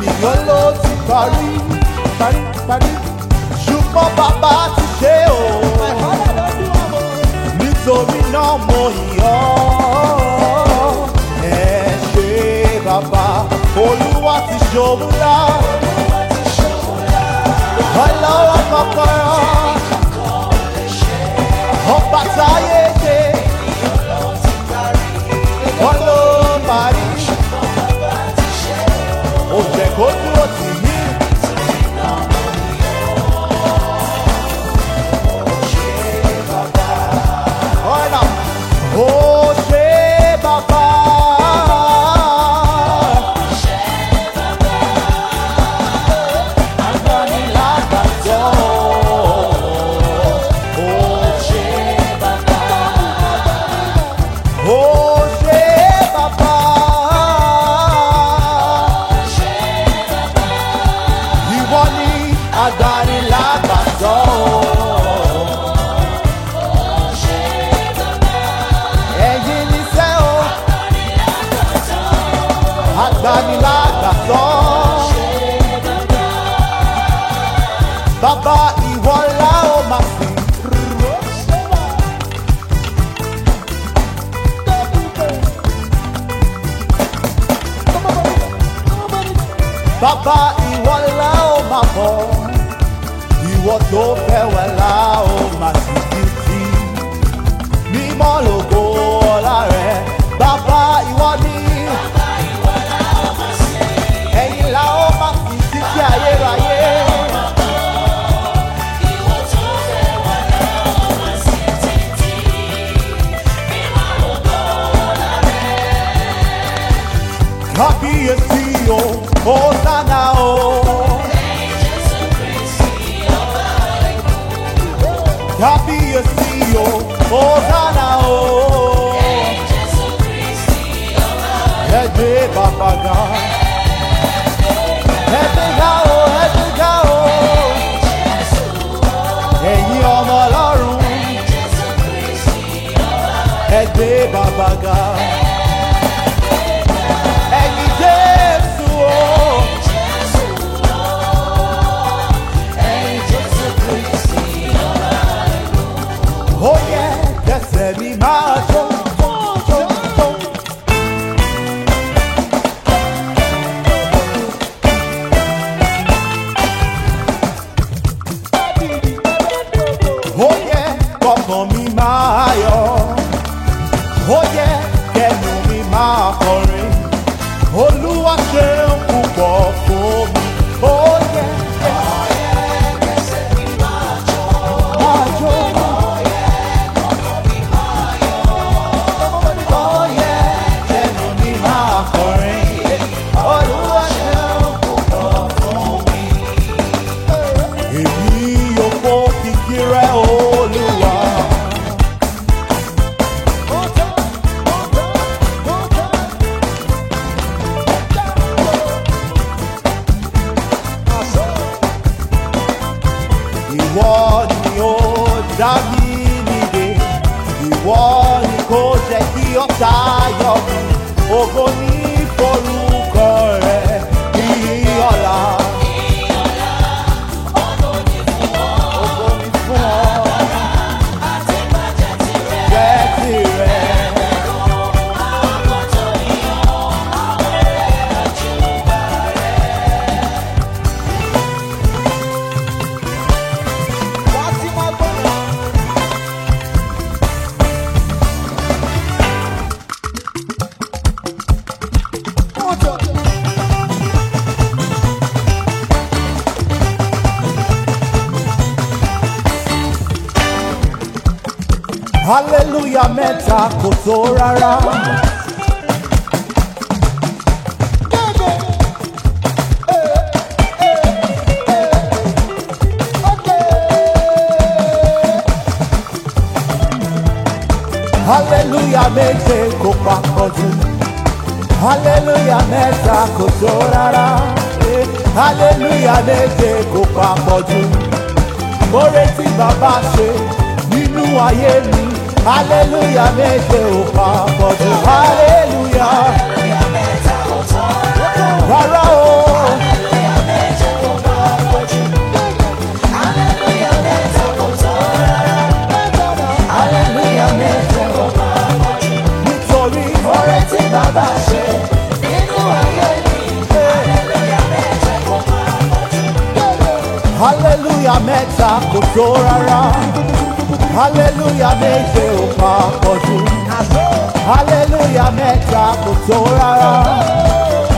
mi yàn ló ti parí parí parí ṣùgbọ́n bàbá ti ṣe o nítorí náà mo yọ̀ ẹ ṣe bàbá olúwa ti ṣòwúrà ọlọ́wọ́ kọ̀ọ̀kan ọba táyà. gbanilágbà lọ. bàbá ìwọ Baba ó máa fi. bàbá ìwọ ńlá ó máa bọ̀ ìwọ tó fẹ́ wẹ̀ lá ó máa sì kìtì Hey, baby, Baba hallelujah meta kò tó hallelujah méje kò papọ̀ hallelujah meta kò tó hallelujah méje kò papọ̀ jù mo retí bàbá Hallelujah méje ò pa pọ̀jù hallelujah. Rárá o. Nítorí ọrẹ tí bàbá ṣe nínú ayé mi, hallelujah méje kò pa pọ̀jù. Hallelujah mẹ́ta kò tó rárá hallelujah méje ò pa pọ̀ jù hallelujah mẹ́ta kò tó rárá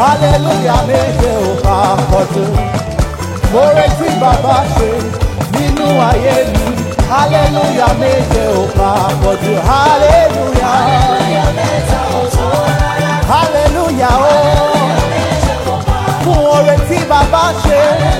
hallelujah méje ò pa pọ̀ jù mo retí bàbá ṣe nínú ayé mi hallelujah méje ò pa pọ̀ jù hallelujah hallelujah ó oh. fún oore tí bàbá ṣe.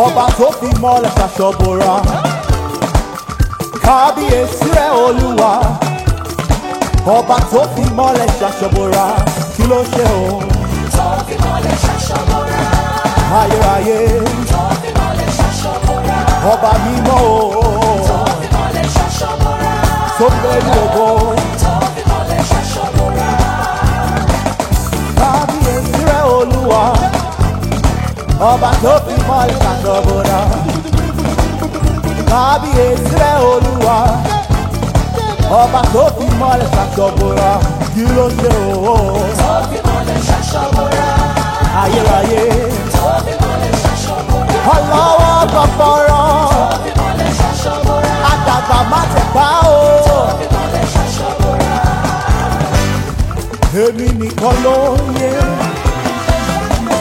ọba tó fi mọ́lẹ̀ ṣaṣọ bora kábíyèsí rẹ̀ olúwa ọba tó fi mọ́lẹ̀ ṣaṣọ bora kí ló ṣe o. tó fi mọ́lẹ̀ ṣaṣọ bora. ayérayé. tó fi mọ́lẹ̀ ṣaṣọ bora. ọba mímọ́ o. tó fi mọ́lẹ̀ ṣaṣọ tó fi lórí ògo. ọba tó fi mọ ìṣàkóbọ̀dá kábíyèsí rẹ̀ olúwa ọba tó fi mọ ìṣàkóbọ̀dá kí ló ń ṣe òwò. tó fi mọ ìṣàkóbọ̀dá. ayérayé. tó fi mọ ìṣàkóbọ̀dá. ọlọ́wọ́ gbọ̀gbọ̀rọ̀. tó fi mọ ìṣàkóbọ̀dá. àdàgbà má ti pa o. tó fi mọ ìṣàkóbọ̀dá. èmi nìkan ló ń yé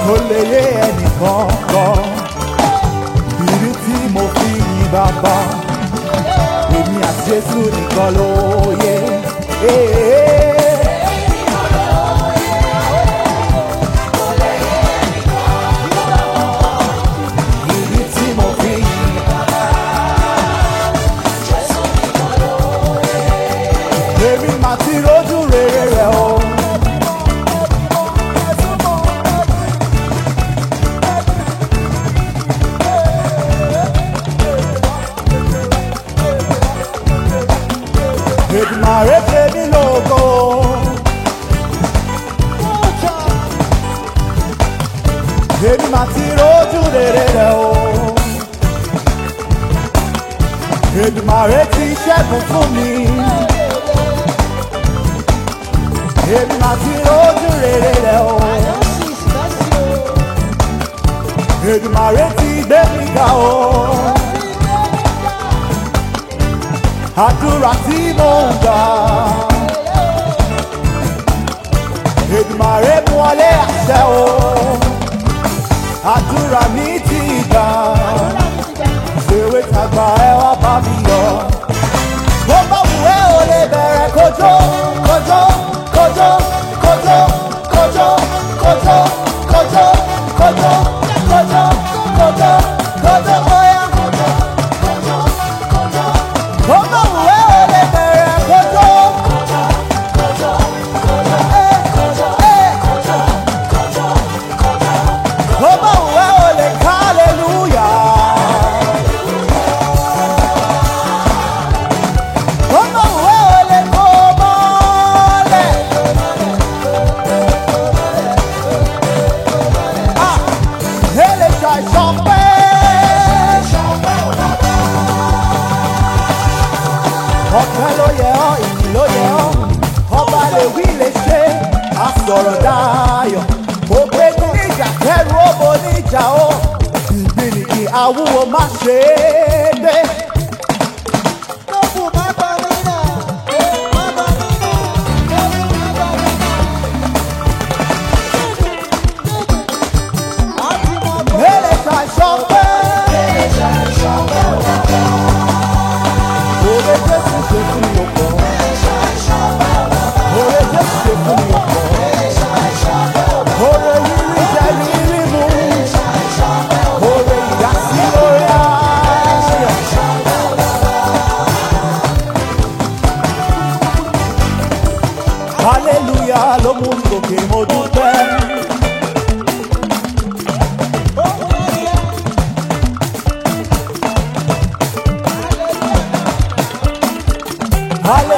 kó lè yé ẹnìkan kan ìdí tí mo fi yìn bàbá èmi àti Jésù nìkan ló yẹ. èmi mà ti rójú rere rẹ̀ o. Èdùmàrè ti ṣẹ́gun fún mi. Èmi mà ti rójú rere rẹ̀ o. Èdùmàrè ti gbé mi ga o. Àdúrà tí mo ń gbà. Èdùmàrè mú wọlé o àdúrà mi ti gbà.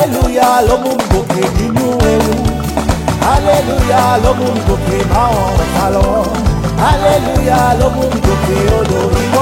Hallelujah, ló mú mi gòkè nínú ewu ló mú mi gòkè máwọn ọ̀tá lọ aleluya ló mú